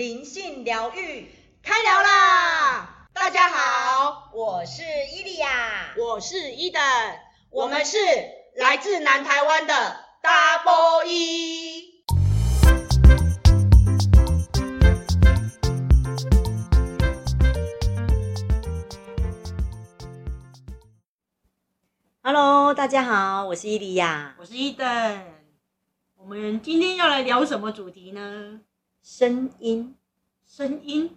靈性聊遇開聊啦！大家好，我是伊利亞，我是伊登，我們是來自南台灣的 Double E。Hello，大家好，我是伊利亞，我是伊登，我們今天要來聊什麼主題呢？聲音，聲音，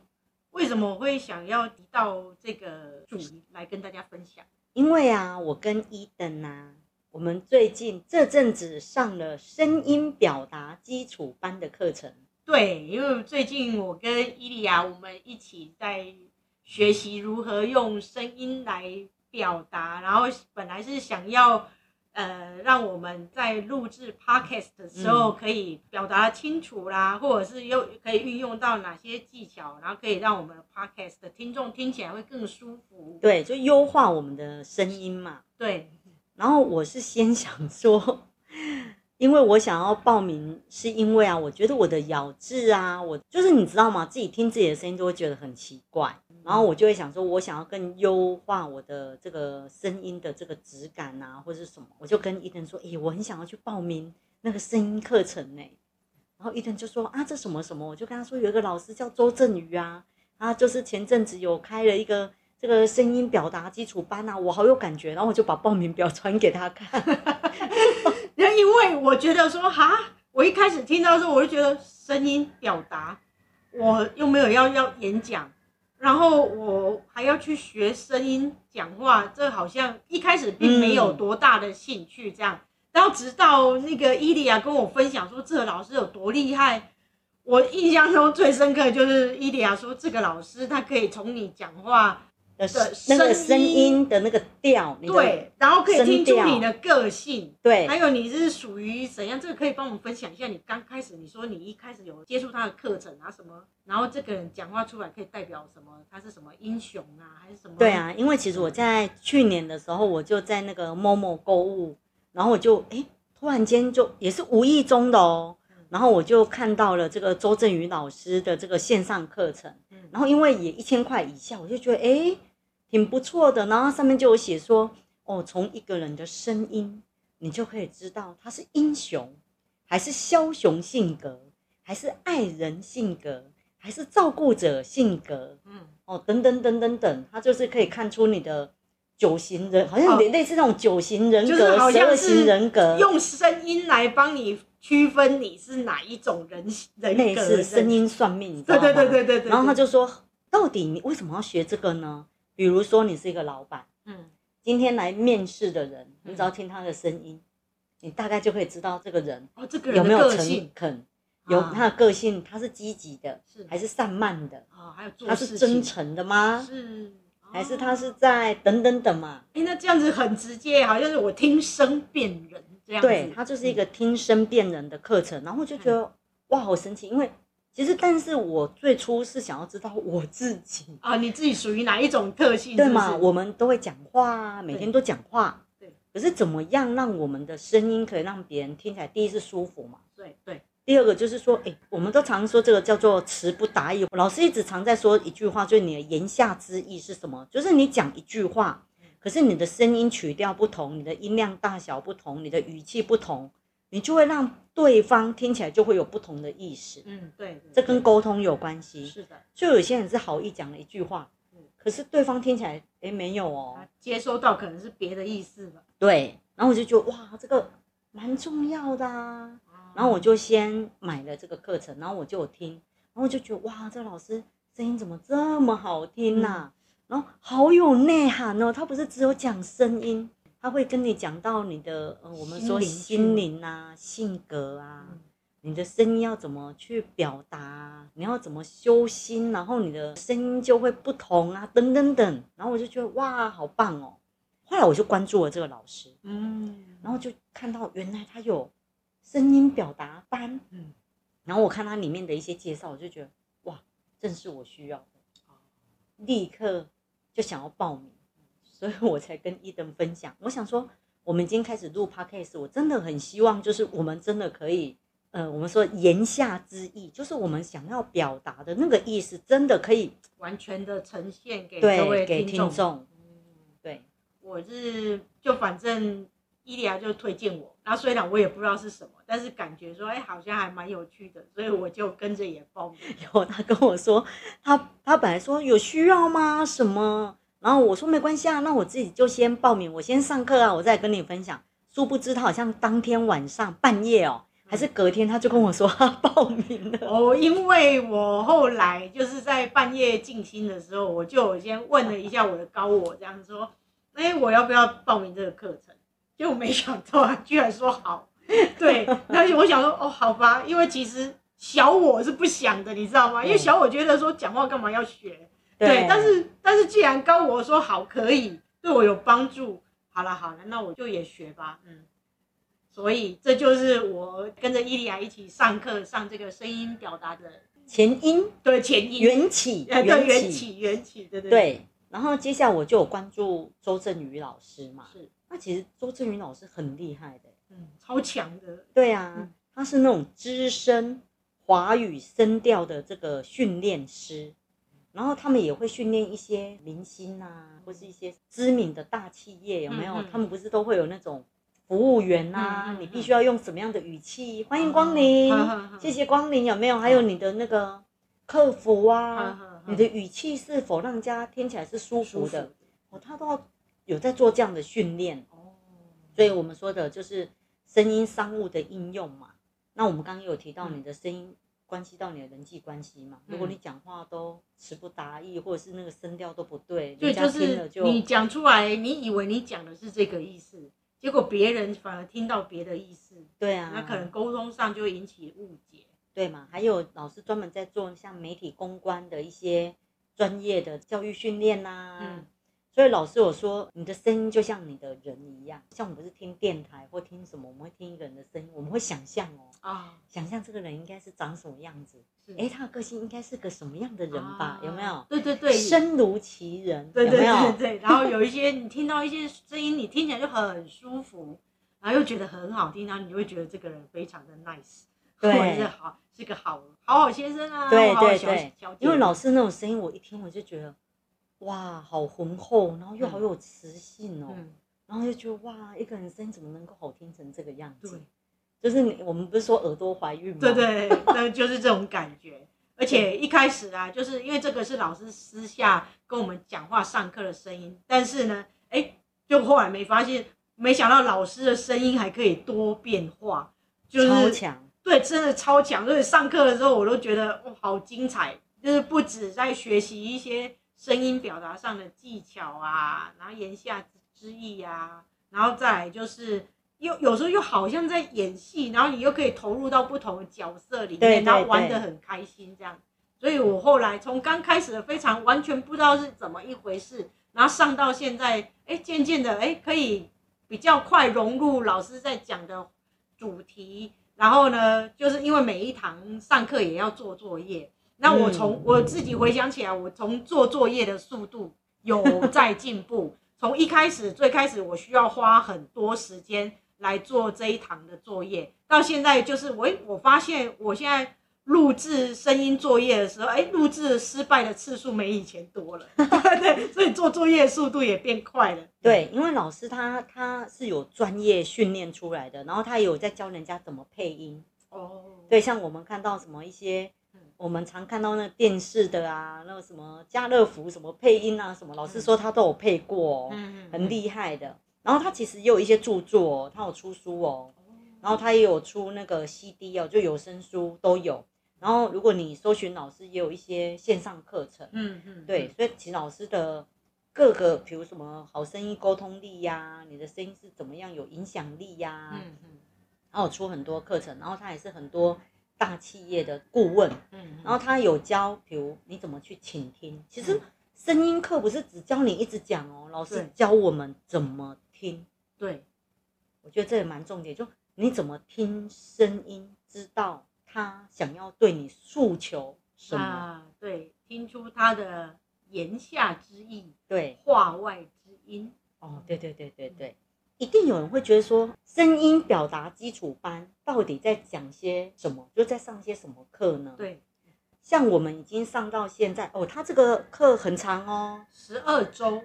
為什麼我會想要提到這個主題來跟大家分享？因為啊，我跟伊登啊，我們最近這陣子上了聲音表達基礎班的課程。對，因為最近我跟伊利亞，我們一起在學習如何用聲音來表達。然後本來是想要。呃，讓我們在錄製 Podcast 的時候可以表達清楚啦，嗯，或者是又可以運用到哪些技巧，然後可以讓我們 Podcast 的聽眾聽起來會更舒服。對，就優化我們的聲音嘛。對，然後我是先想說，因為我想要報名，是因為啊，我覺得我的咬字啊，我，就是你知道嗎？自己聽自己的聲音都會覺得很奇怪。然後我就會想說，我想要更優化我的這個聲音的這個質感啊，或者是什麼，我就跟 Eden 說，咦、欸，我很想要去報名那個聲音課程呢。然後 Eden 就說啊，這什麼什麼，我就跟他說，有一個老師叫周震宇啊，他就是前陣子有開了一個這個聲音表達基礎班啊，我好有感覺，然後我就把報名表傳給他看。 然後因為我覺得說，哈，我一開始聽到的時候，我就覺得聲音表達，我又沒有要要演講。然後我還要去學聲音講話，這好像一開始並沒有多大的興趣。這樣，嗯，然後直到那個伊利亞跟我分享說這個老師有多厲害，我印象中最深刻的就是伊利亞說這個老師他可以從你講話。的聲對那個聲音，聲音的那個調，調對，然後可以聽出你的個性，對，還有你是屬於怎樣？這個可以幫我們分享一下。你剛開始你說你一開始有接觸他的課程啊什麼，然後這個人講話出來可以代表什麼？他是什麼英雄啊，還是什麼？對啊，因為其實我在去年的時候，我就在那個 MOMO 購物，然後我就哎，突然間就也是無意中的哦。然後我就看到了這個周震宇老師的這個線上課程，嗯、然後因為也一千塊以下，我就覺得哎挺不錯的。然後上面就有寫說，哦，從一個人的聲音，你就可以知道他是英雄，還是梟雄性格，還是愛人性格，還是照顧者性格，嗯、哦等等等等等，他就是可以看出你的九型人，好像類似那種九型人格，哦就是，好像九型人格，用聲音來幫你，區分你是哪一種人，人類，那是聲音算命，對對對對對、對。然後他就說，到底你為什麼要學這個呢？比如說你是一個老闆，嗯，今天來面試的人，你只要聽他的聲音，嗯、你大概就可以知道這個人有沒有誠懇，哦，這個、個性，有他的個性，他是積極的，啊、還是散漫的？啊、哦，還有做事他是真誠的嗎？是，哦、還是他是在等等等嘛？哎、欸，那這樣子很直接，好像是我聽聲辨人。對它就是一個聽聲辨人的課程，嗯、然後就覺得、嗯、哇好神奇，因為其實但是我最初是想要知道我自己啊，你自己屬於哪一種特性是是，對嗎？我們都會講話，對每天都講話，對對可是怎麼樣讓我們的聲音可以讓別人聽起來，第一是舒服嘛？對對。對第二個就是說，哎、欸，我們都常說這個叫做詞不達意。老師一直常在說一句話，就是你的言下之意是什麼？就是你講一句話。可是你的聲音曲調不同，你的音量大小不同，你的語氣不同，你就會讓對方聽起來就會有不同的意思。嗯，對，對對這跟溝通有關係。是的，就有些人是好意講了一句話，是的可是對方聽起來哎沒有哦，接收到可能是別的意思吧。對，然後我就覺得哇，這個蠻重要的，啊。啊然後我就先買了這個課程，然後我就聽，然後我就覺得哇，這個老師聲音怎麼這麼好聽吶、啊？嗯然後好有內涵哦，他不是只有講聲音，他會跟你講到你的、呃、心靈、我們說心靈啊、性格啊，嗯、你的聲音要怎麼去表達，你要怎麼修心，然後你的聲音就會不同啊，等等等。然後我就覺得哇，好棒哦！後來我就關注了這個老師，嗯，然後就看到原來他有聲音表達班，嗯、然後我看他裡面的一些介紹，我就覺得哇，正是我需要的，立刻。就想要報名，所以我才跟 Eden 分享。我想說，我們已經開始錄 podcast，我真的很希望，就是我們真的可以，呃，我們說言下之意，就是我們想要表達的那個意思，真的可以完全的呈現給各位對，給聽眾。嗯、對，我是就反正。伊利亞就推薦我，然後雖然我也不知道是什麼，但是感覺說，哎、欸，好像還蠻有趣的，所以我就跟着也報名。然後他跟我說，他他本來說有需要嗎？什麼？然後我說沒關係啊，那我自己就先報名，我先上課啊，我再跟你分享。殊不知他好像當天晚上半夜哦、喔，嗯、還是隔天他就跟我說他報名了。哦，因為我後來就是在半夜靜心的時候，我就我先問了一下我的高我，啊、這樣說，哎、欸，我要不要報名這個課程？就沒想到他、啊、居然說好，對，那我想說哦，好吧，因為其實小我是不想的，你知道嗎？對因為小我覺得說講話幹嘛要學，對,啊、對，但是但是既然高我說好可以對我有幫助，好了好了，那我就也學吧，嗯，所以這就是我跟着伊利亞一起上課上這個聲音表達的前因 對前因緣起哎緣起緣起,緣起對對對，然後接下來我就有關注周震宇老師嘛是。他其實周震宇老師很厲害的，嗯，超強的。對啊，他是那種資深華語聲調的這個訓練師，然後他們也會訓練一些明星啊，或是一些知名的大企業有沒有？他們不是都會有那種服務員吶、啊？你必須要用什麼樣的語氣？歡迎光臨，謝謝光臨，有沒有？還有你的那個客服啊，你的語氣是否讓家聽起來是舒服的？哦，他都要。有在做這樣的訓練，哦、所以我們說的就是聲音商務的應用嘛。那我們剛剛有提到你的聲音關係到你的人際關係嘛？嗯、如果你講話都詞不達意，或者是那個聲調都不對，對就，就，就是你講出來，你以為你講的是這個意思，結果別人反而聽到別的意思，對啊，那可能溝通上就會引起誤解，對嘛？還有老師專門在做像媒體公關的一些專業的教育訓練吶。嗯。所以老師，我說你的聲音就像你的人一樣，像我們不是聽電台或聽什麼，我們會聽一個人的聲音，我們會想象哦，啊，想象這個人應該是長什麼樣子，哎是、欸，他的個性應該是個什麼樣的人吧？啊、有沒有？對對對，聲如其人，對對，對，對有，有？對，對，對，對。然後有一些你聽到一些聲音， 你聽起來就很舒服，然後又覺得很好聽，然後你就會覺得這個人非常的 nice，對是好，是個好好，好先生啊，對對對，好好因為老師那種聲音，我一聽我就覺得。哇，好渾厚，然後又好有磁性哦，嗯嗯、然後就覺得哇，一個人聲音怎麼能夠好聽成這個樣子？對，就是你我們不是說耳朵懷孕嗎？對，對對，那 就是這種感覺。而且一開始啊，就是因為這個是老師私下跟我們講話上課的聲音，但是呢，哎、欸，就後來沒發現，沒想到老師的聲音還可以多變化，就是超強，對，真的超強。就是上課的時候我都覺得、哦、好精彩，就是不止在學習一些。聲音表達上的技巧啊，然後言下之意啊，然後再就是又有時候又好像在演戲，然後你又可以投入到不同的角色裡面，對對對然後玩得很開心這樣。所以我後來從剛開始的非常完全不知道是怎麼一回事，然後上到現在，哎，漸漸的哎可以比較快融入老師在講的主題，然後呢，就是因為每一堂上課也要做作業。那我從我自己回想起來，我從做作業的速度有在進步。從一開始最開始，我需要花很多時間來做這一堂的作業，到現在就是我我發現我現在錄製聲音作業的時候，哎，錄製失敗的次數沒以前多了，對，所以做作業的速度也變快了。對，因為老師他他是有專業訓練出來的，然後他有在教人家怎麼配音。哦，對，像我們看到什麼一些。我們常看到那電視的啊，那個什麼家樂福什麼配音啊，什麼老師說他都有配過，哦，很厲害的。然後他其實也有一些著作哦，他有出書哦，然後他也有出那個 CD 哦，就有聲書都有。然後如果你搜尋老師，也有一些線上課程，嗯嗯，嗯嗯對，所以其實老師的各個，比如什麼好聲音、溝通力呀、啊，你的聲音是怎麼樣有影響力呀、啊嗯，嗯，然後出很多課程，然後他也是很多大企業的顧問，嗯，然後他有教，比如你怎麼去傾聽。其實聲音課不是只教你一直講哦，老師教我們怎麼聽。對，對我覺得這也蠻重點，就你怎麼聽聲音，知道他想要對你訴求什麼？啊，對，聽出他的言下之意，對，話外之音。哦，對對對對對，對。嗯一定有人會覺得說，聲音表達基礎班到底在講些什麼？就在上些什麼課呢？對，像我們已經上到現在哦，他這個課很長哦，十二周，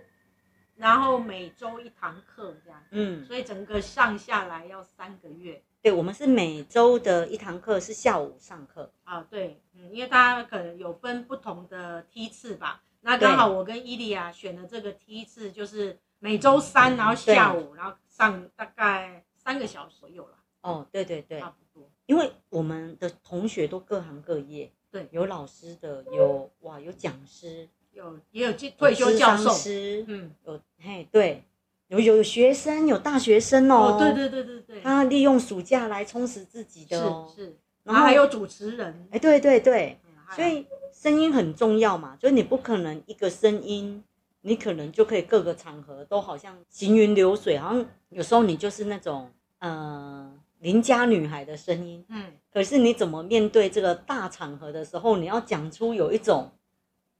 然後每周一堂課這樣，嗯，所以整個上下來要三個月。對，我們是每周的一堂課是下午上課啊，對，嗯，因為大家可能有分不同的梯次吧，那剛好我跟伊莉亞選的這個梯次就是。每週三，然後下午，對然後上大概三個小時左右了。哦，對對對，差不多。因為我們的同學都各行各業，對，有老師的，有哇，有講師，有也有退休教授，嗯，有嘿，對，有有學生，有大學生哦，哦對對對對，對他利用暑假來充實自己的、哦、是是，然後還有主持人，後哎，對對對，嗯、所以聲音很重要嘛，就是你不可能一個聲音。你可能就可以各個場合都好像行雲流水，好像有時候你就是那種嗯、呃、鄰家女孩的聲音，嗯。可是你怎麼面對這個大場合的時候，你要講出有一種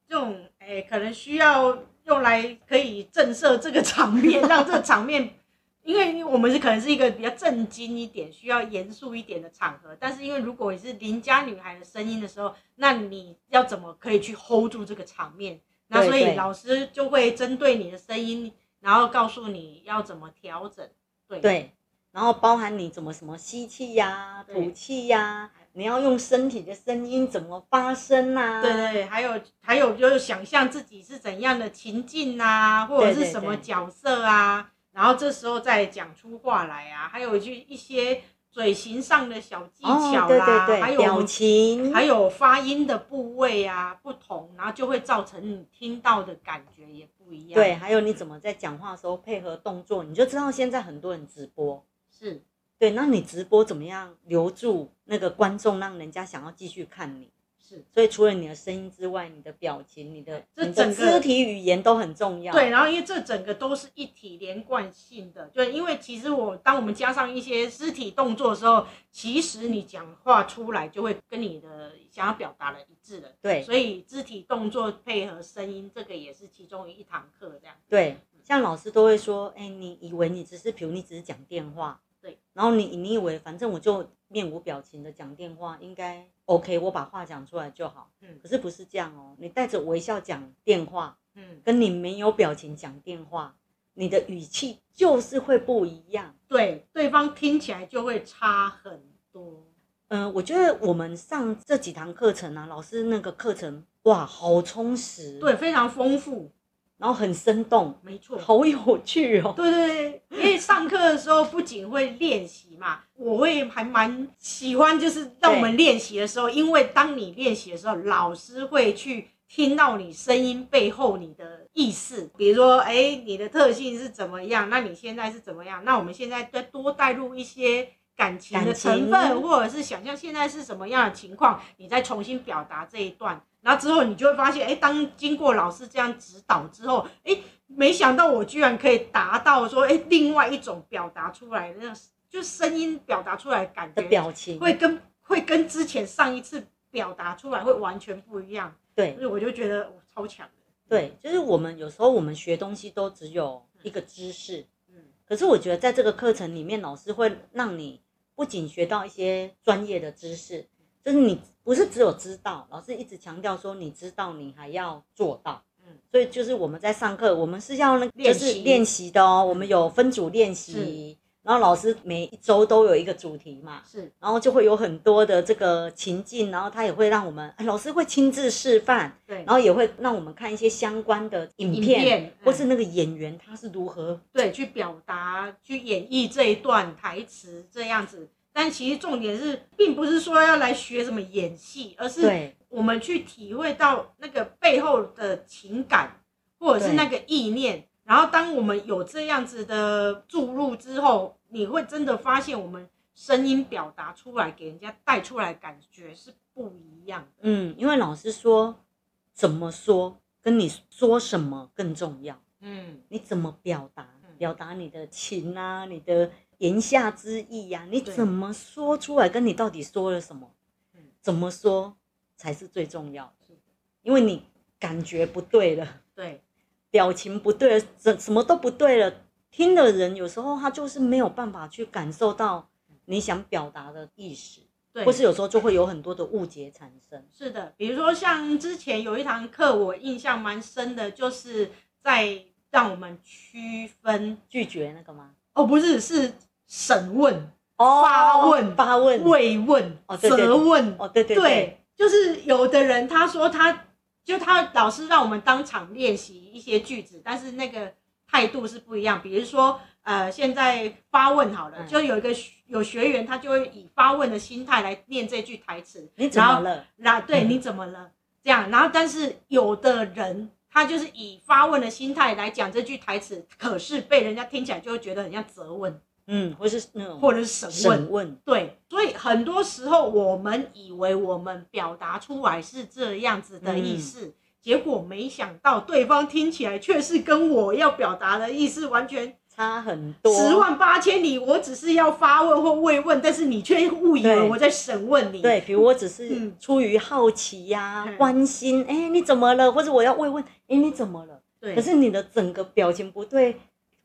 這種哎、欸，可能需要用來可以震懾這個場面，讓這個場面， 因為我們是可能是一個比較正經一點、需要嚴肅一點的場合。但是因為如果你是鄰家女孩的聲音的時候，那你要怎麼可以去 hold 住這個場面？那所以老師就會針對你的聲音，對對，然後告訴你要怎麼調整，對，對然後包含你怎麼什麼吸氣呀、啊、對吐氣呀、啊，你要用身體的聲音怎麼發聲吶、啊？對對，還有還有就是想象自己是怎樣的情境吶、啊，或者是什麼角色啊，對對對對，然後這時候再講出話來啊，還有就一、一些。嘴型上的小技巧啦，哦、對對對，還有表情，還有發音的部位啊不同，然後就會造成你聽到的感覺也不一樣。對，還有你怎麼在講話的時候配合動作，你就知道現在很多人直播是，對，那你直播怎麼樣留住那個觀眾，讓人家想要繼續看你？是所以除了你的聲音之外，你的表情、你的這整個肢體語言都很重要。對，然後因為這整個都是一體連貫性的，就因為其實我當我們加上一些肢體動作的時候，其實你講話出來就會跟你的想要表達的一致的。對，所以肢體動作配合聲音，這個也是其中一堂課這樣。對，嗯、像老師都會說，哎，你以為你只是，比如你只是講電話，對，然後你你以為反正我就面無表情的講電話，應該。OK，我把話講出來就好。嗯，可是不是這樣哦。你帶着微笑講電話，嗯，跟你沒有表情講電話，你的語氣就是會不一樣。對，對方聽起來就會差很多。嗯，我覺得我們上這幾堂課程啊，老師那個課程，哇，好充實。對，非常豐富。然後很生動，沒錯，好有趣哦。對對對，因為上課的時候不僅會練習嘛，我會還蠻喜歡，就是當我們練習的時候，對因為當你練習的時候，老師會去聽到你聲音背後你的意思，比如說，哎，你的特性是怎麼樣？那你現在是怎麼樣？那我們現在再多帶入一些感情的成分，情或者是想象現在是什麼樣的情況，你再重新表達這一段。那之後你就會發現，哎，當經過老師這樣指導之後，哎，沒想到我居然可以達到說，哎，另外一種表達出來的，就聲音表達出來的感覺的表情會跟會跟之前上一次表達出來會完全不一樣。對，所以我就覺得我超強的。對，就是我們有時候我們學東西都只有一個知識，嗯，可是我覺得在這個課程裡面，老師會讓你不僅學到一些專業的知識。就是你不是只有知道，老師一直強調說你知道，你還要做到。嗯，所以就是我們在上課，我們是要那個，就是練習的哦。嗯、我們有分組練習，是然後老師每一周都有一個主題嘛。是。然後就會有很多的這個情境，然後他也會讓我們，哎、老師會親自示範，對。然後也會讓我們看一些相關的影片，影片嗯、或是那個演員他是如何對去表達、去演繹這一段台詞這樣子。但其實重點是，並不是說要來學什麼演戲，而是我們去體會到那個背後的情感，或者是那個意念。對然後，當我們有這樣子的注入之後，你會真的發現，我們聲音表達出來，給人家帶出來感覺是不一樣的。嗯，因為老師說，怎麼說跟你說什麼更重要。嗯，你怎麼表達？表達你的情啊，你的。言下之意呀，啊，你怎麼說出來，跟你到底說了什麼？對怎麼說才是最重要的。因為你感覺不對了，對，表情不對了，什什麼都不對了。聽的人有時候他就是沒有辦法去感受到你想表達的意思，對，或是有時候就會有很多的誤解產生。是的，比如說像之前有一堂課，我印象蠻深的，就是在讓我們區分拒絕那個嗎？哦，不是，是。審問、發問、哦、發問、慰問、哦、對對對責問，對對對，對，就是有的人他說他就他老師讓我們當場練習一些句子，但是那個態度是不一樣。比如說，呃，現在發問好了，嗯、就有一個有學員他就會以發問的心態來念這句台詞，你怎麼了？然後對，你怎麼了？嗯、這樣，然後但是有的人他就是以發問的心態來講這句台詞，可是被人家聽起來就會覺得很像責問。嗯，或是那種，或者是審問。審問，對。所以很多時候，我們以為我們表達出來是這樣子的意思，嗯、結果沒想到對方聽起來卻是跟我要表達的意思完全差很多，十萬八千里。我只是要發問或慰問，但是你卻誤以為我在審問你。對，比如我只是出於好奇呀、啊、嗯、關心，哎、欸，你怎麼了？或者我要慰問，哎、欸，你怎麼了？對。可是你的整個表情不對。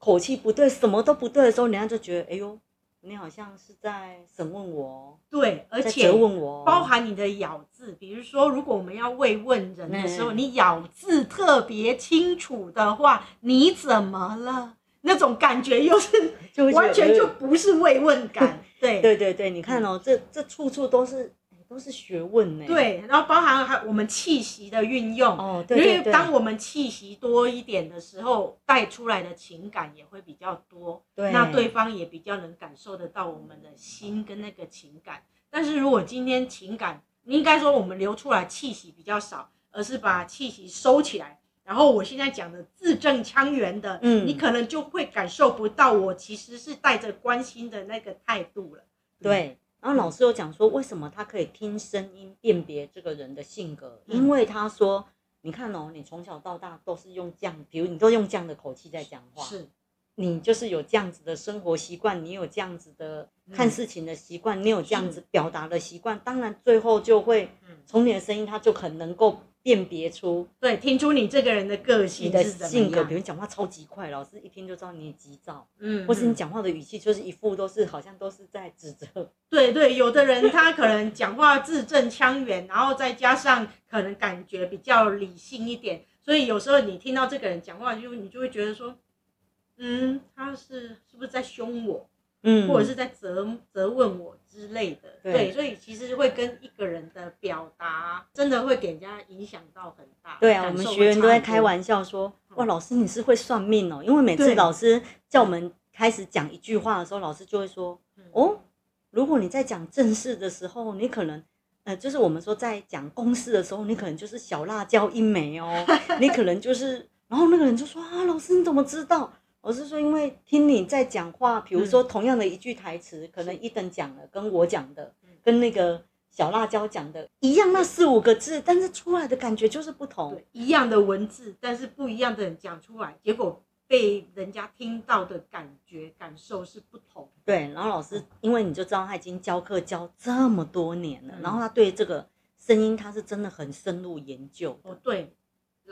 口氣不對，什麼都不對的時候，人家就覺得，哎呦，你好像是在審問我。對，而且問我，包含你的咬字，比如說，如果我們要慰問人的時候，對你咬字特別清楚的話，你怎麼了？那種感覺又是，對對，完全就不是慰問感。對對對對，你看哦，這這處處都是。都是學問呢。對，然後包含還我們氣息的運用哦，對對對，因為當我們氣息多一點的時候，帶出來的情感也會比較多。對，那對方也比較能感受得到我們的心跟那個情感。嗯，但是如果今天情感，你應該說我們流出來氣息比較少，而是把氣息收起來，然後我現在講的字正腔圓的，嗯，你可能就會感受不到我其實是帶着關心的那個態度了。對。嗯然後老師又講說，為什麼他可以聽聲音辨別這個人的性格？因為他說，你看哦，你從小到大都是用這樣，比如你都用這樣的口氣在講話，是，你就是有這樣子的生活習慣，你有這樣子的看事情的習慣，你有這樣子表達的習慣，當然最後就會從你的聲音，他就很能夠。辨別出，對，聽出你這個人的個性是的，性格，比如講話超級快，老師一聽就知道你急躁，嗯，嗯，或是你講話的語氣就是一副都是好像都是在指責。對對，有的人他可能講話字正腔圓， 然後再加上可能感覺比較理性一點，所以有時候你聽到這個人講話，就你就會覺得說，嗯，他是是不是在凶我？嗯，或者是在責責問我之類的，對，對，所以其實會跟一個人的表達，真的會給人家影響到很大。對啊，我們學員都在開玩笑說，哇，老師你是會算命哦，因為每次老師叫我們開始講一句話的時候，老師就會說，哦，如果你在講正事的時候，你可能，呃，就是我們說在講公事的時候，你可能就是小辣椒一枚哦，你可能就是，然後那個人就說啊，老師你怎麼知道？我是說，因為聽你在講話，比如說同樣的一句台詞，嗯、可能一等獎的跟我講的，嗯、跟那個小辣椒講的一樣，那四五個字，對但是出來的感覺就是不同。一樣的文字，但是不一樣的人講出來，結果被人家聽到的感覺感受是不同。對，然後老師，嗯、因為你就知道他已經教課教這麼多年了，嗯、然後他對這個聲音他是真的很深入研究。哦，對。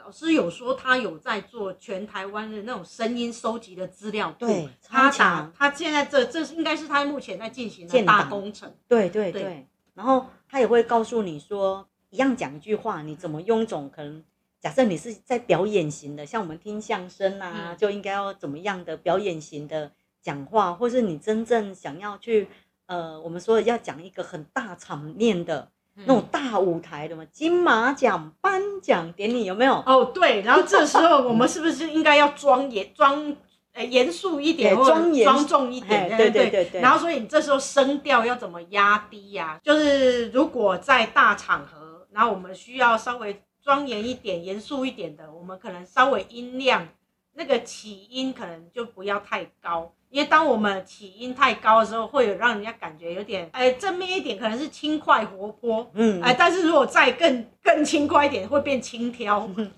老師有說他有在做全台灣的那種聲音收集的資料庫，對，常常他打他現在這這應該是他目前在進行的大工程。對對對，對然後他也會告訴你說，一樣講一句話，你怎麼臃腫？可能假設你是在表演型的，像我們聽相聲啊，就應該要怎麼樣的表演型的講話，或是你真正想要去呃，我們說要講一個很大場面的。那種大舞台的嘛，金馬獎頒獎典禮有沒有？哦，對，然後這時候我們是不是應該要莊嚴、莊嚴肅一點，莊嚴莊重一點、欸？對對對對，對，對。然後，所以你這時候聲調要怎麼壓低呀、啊？就是如果在大場合，然後我們需要稍微莊嚴一點、嚴肅一點的，我們可能稍微音量。那個起音可能就不要太高，因為當我們起音太高的時候，會有讓人家感覺有點，哎、呃，正面一點可能是輕快活潑，嗯，哎、呃，但是如果再更更輕快一點，會變輕佻，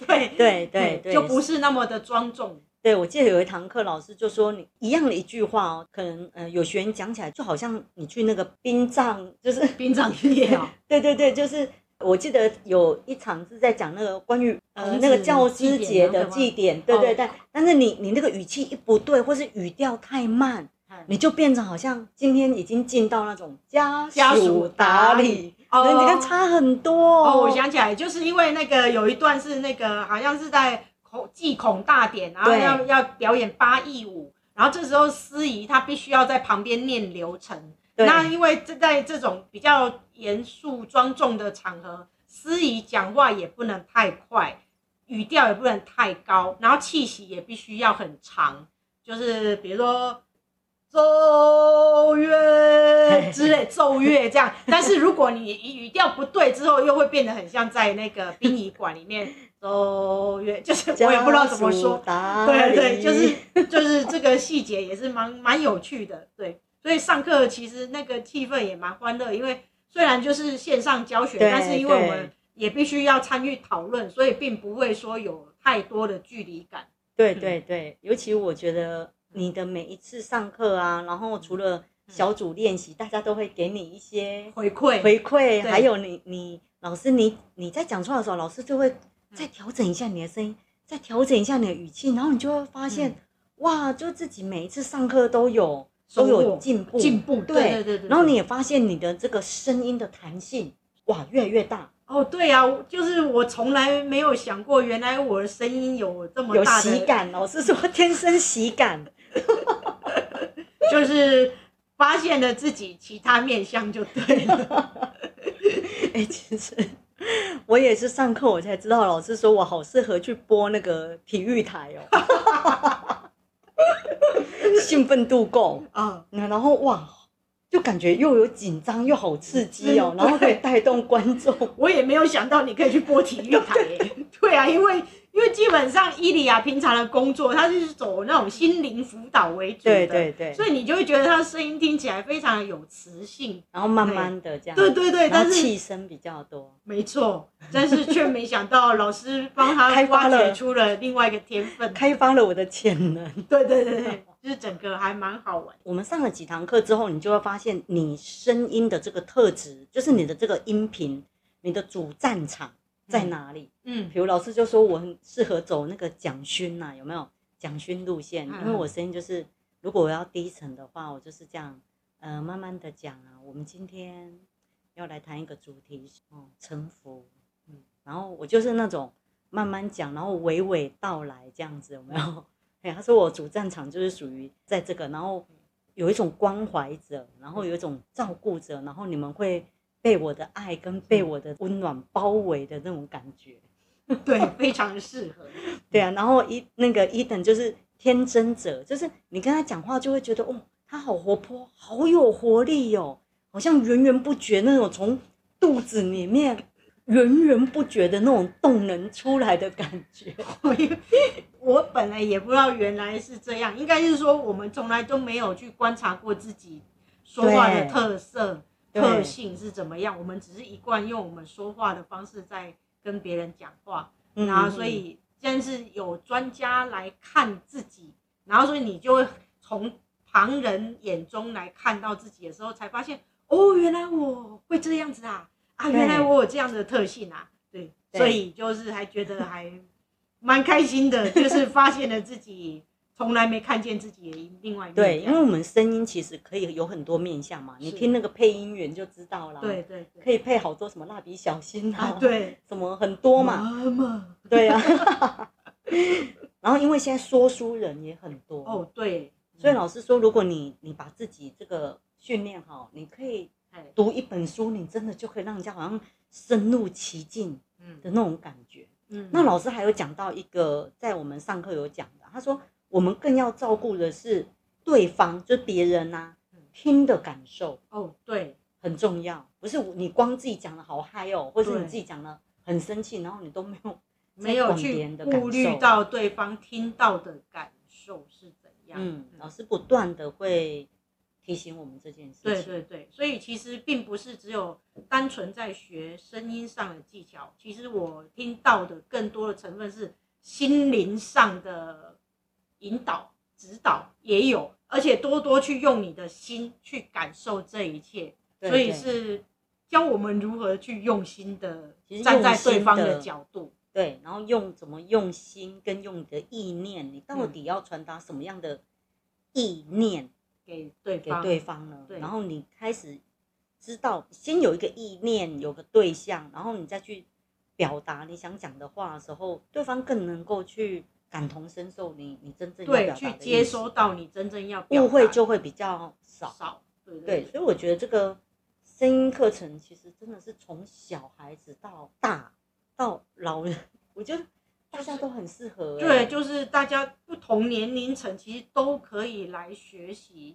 對，對，對，對，對、嗯，就不是那麼的莊重。對，我記得有一堂課，老師就說你一樣的一句話哦，可能，呃有學員講起來就好像你去那個殯葬，就是殯葬業、哦， 對對對，就是。我記得有一場是在講那個關於呃那個教師節的祭典，對對對。但是你你那個語氣一不對，或是語調太慢，你就變成好像今天已經進到那種家屬打理，理哦，你看差很多哦。哦，我想起來，就是因為那個有一段是那個好像是在孔祭孔大典，然後要對要表演八佾舞，然後這時候司儀他必須要在旁邊念流程。對那因為這在這種比較。嚴肅莊重的場合，司儀講話也不能太快，語調也不能太高，然後氣息也必須要很長，就是比如說奏樂之類，奏樂這樣。但是如果你語調不對之後，又會變得很像在那個殯儀館裡面奏樂，就是我也不知道怎麼說。對對，就是就是這個細節也是蠻蠻有趣的。對，所以上課其實那個氣氛也蠻歡樂，因為。雖然就是線上教學，對但是因為我們也必須要參與討論，對所以並不會說有太多的距離感。對對對，嗯、尤其我覺得你的每一次上課啊，然後除了小組練習，嗯、大家都會給你一些回饋回饋，還有你你老師你你在講錯的時候，老師就會再調整一下你的聲音，嗯、再調整一下你的語氣，然後你就會發現，嗯、哇，就自己每一次上課都有。都有進步，進步，對，對對對對。然後你也發現你的這個聲音的彈性，哇，越來越大。哦，對啊，就是我從來沒有想過，原來我的聲音有這麼大的有喜感，老師說天生喜感， 就是發現了自己其他面向就對了。哎、 欸，其實我也是上課我才知道，老師說我好適合去播那個體育台哦。 興奮度夠啊，然後哇，就感覺又有緊張又好刺激哦，嗯、然後可以帶動觀眾。我也沒有想到你可以去播體育台耶， 對啊，因為。因為基本上伊利亞平常的工作，他就是走那種心靈輔導為主的，對對對，所以你就會覺得他的聲音聽起來非常的有磁性，然後慢慢的這樣，對對對，但是氣聲比較多，沒錯，但是卻沒想到老師幫他挖掘出了另外一個天分，開發，開發了我的潛能，對對對對，就是整個還蠻好玩。我們上了幾堂課之後，你就會發現你聲音的這個特質，就是你的這個音頻，你的主戰場在哪裡？嗯嗯，比如老師就說我很適合走那個蔣勳吶，有沒有蔣勳路線？因為、嗯、我聲音就是，如果我要低沉的話，我就是這樣，呃、慢慢的講啊。我們今天要來談一個主題哦，臣服。嗯，嗯嗯然後我就是那種慢慢講，然後娓娓道來這樣子，有沒有？哎，他說我主戰場就是屬於在這個，然後有一種關懷者，然後有一種照顧者，是然後你們會被我的愛跟被我的溫暖包圍的那種感覺。對，非常適合。 對啊，然後一、e、那個 Eden 就是天真者，就是你跟他講話就會覺得哦，他好活潑，好有活力喲、哦，好像源源不絕那種從肚子裡面源源不絕的那種動能出來的感覺。我 我本來也不知道原來是這樣，應該就是說我們從來都沒有去觀察過自己說話的特色對特性是怎麼樣，對對我們只是一貫用我們說話的方式在。跟別人講話，然後所以現在是有專家來看自己，然後所以你就會從旁人眼中來看到自己的時候，才發現哦，原來我會這樣子啊，對 啊，原來我有這樣的特性啊，對，所以就是還覺得還蠻開心的，對 就是發現了自己。從來沒看見自己的另外一面。對，因為我們聲音其實可以有很多面向嘛，是你聽那個配音員就知道了。對，對對，可以配好多什麼蠟《蠟筆小新》啊，對，什麼很多嘛。媽媽對呀、啊。 然後，因為現在說書人也很多。哦，對。嗯、所以老師說，如果你你把自己這個訓練好，你可以讀一本書，你真的就可以讓人家好像身入其境的那種感覺。嗯。嗯那老師還有講到一個，在我們上課有講的，他說。我們更要照顧的是對方，就是、別人吶、啊，聽的感受哦，對，很重要。不是你光自己講的好嗨哦，對或者你自己講的很生氣，然後你都沒有人感沒有去顧慮到對方聽到的感受是怎樣。嗯，老師不斷的會提醒我們這件事情。對對對，所以其實並不是只有單純在學聲音上的技巧，其實我聽到的更多的成分是心靈上的。引導、指導也有，而且多多去用你的心去感受這一切，對對，所以是教我們如何去用心的，其實用心的，站在對方的角度，對，然後用怎麼用心跟用你的意念，你到底要傳達什麼樣的意念給對、嗯、給對方呢？對，然後你開始知道，先有一個意念，有個對象，然後你再去表達你想講的話的時候，對方更能夠去。感同身受你，你你真正要去接收到你真正要誤會就會比較少少，對，對，對，對，所以我覺得這個聲音課程其實真的是從小孩子到大到老人，我覺得大家都很適合，欸。對，就是大家不同年齡層其實都可以來學習，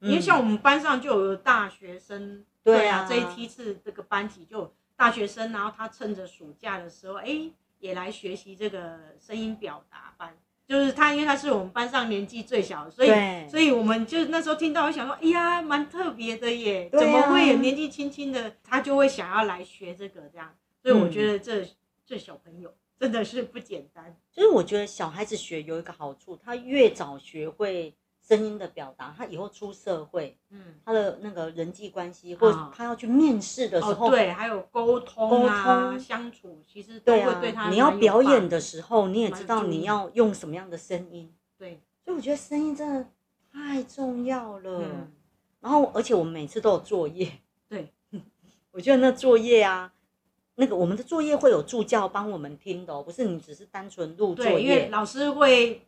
嗯、因為像我們班上就有大學生，對啊，對啊，這一批次這個班級就大學生，然後他趁着暑假的時候，哎、欸。也來學習這個聲音表達班，就是他，因為他是我們班上年紀最小的，所以對所以我們就那時候聽到我想說，哎呀，蠻特別的耶，啊、怎麼會有年紀輕輕的他就會想要來學這個這樣？所以我覺得這、嗯、這小朋友真的是不簡單。就是我覺得小孩子學有一個好處，他越早學會。聲音的表達，他以後出社會，嗯、他的那個人際關係，哦、或他要去面試的時候，哦、對，還有溝通、啊、溝通、啊、相處，其實對啊，你要表演的時候，你也知道你要用什麼樣的聲音，對，所以我覺得聲音真的太重要了。嗯、然後，而且我們每次都有作業，對， 我覺得那作業啊，那個我們的作業會有助教幫我們聽的哦，不是你只是單純錄作業，因為老師會。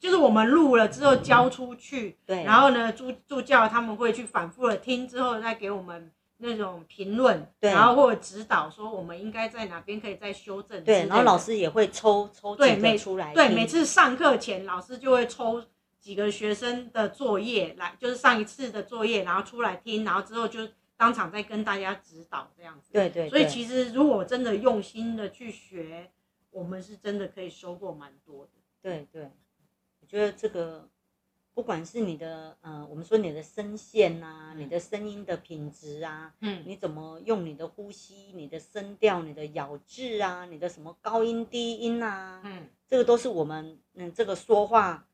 就是我們錄了之後交出去，嗯、對，然後呢助助教他們會去反覆的聽之後再給我們那種評論，對，然後或者指導說我們應該在哪邊可以再修正。對，然後老師也會抽抽幾個出來，對，對，每次上課前老師就會抽幾個學生的作業來，就是上一次的作業，然後出來聽，然後之後就當場再跟大家指導這樣子。對對。對所以其實如果真的用心的去學，我們是真的可以收穫蠻多的。對對。對覺得這個，不管是你的呃，我們說你的聲線啊，嗯、你的聲音的品質啊，嗯，你怎麼用你的呼吸、你的聲調、你的咬字啊，你的什麼高音低音啊，嗯，這個都是我們嗯，這個說話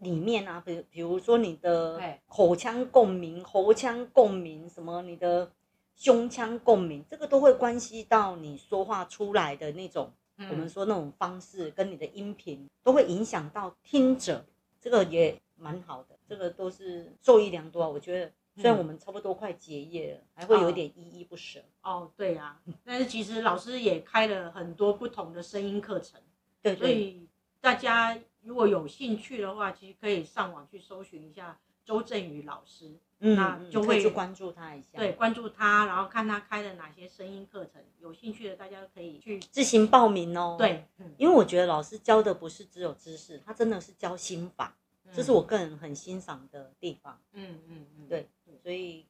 裡面啊，比如比如說你的口腔共鳴、喉腔共鳴什麼，你的胸腔共鳴，這個都會關係到你說話出來的那種。嗯、我們說那種方式跟你的音頻都會影響到聽者，這個也蠻好的，這個都是受益良多，啊。我覺得雖然我們差不多快結業了，還會有一點依依不捨，嗯哦。哦，對啊。但是其實老師也開了很多不同的聲音課程， 對，對，所以大家如果有興趣的話，其實可以上網去搜尋一下。周震宇老師，嗯，那就會、嗯、去關注他一下，對，關注他，然後看他開了哪些聲音課程，有興趣的大家可以去自行報名哦。對，因為我覺得老師教的不是只有知識，他真的是教心法，嗯、這是我個人很欣賞的地方。嗯嗯嗯，嗯嗯對，所以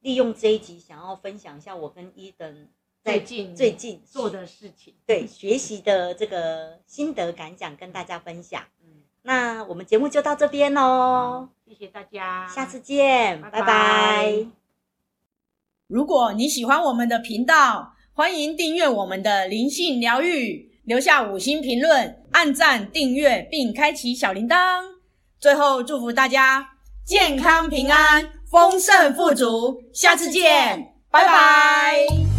利用這一集，想要分享一下我跟伊、e、登在最近，最近做的事情，對，學習的這個心得感想跟大家分享。那我們節目就到這邊嘍、哦嗯，謝謝大家，下次見，拜拜。拜拜。如果你喜歡我們的頻道，歡迎訂閱我們的靈性聊遇，留下五星評論，按讚訂閱並開啟小鈴鐺。最後祝福大家健康平安、豐盛富足，下次見，拜拜。拜拜。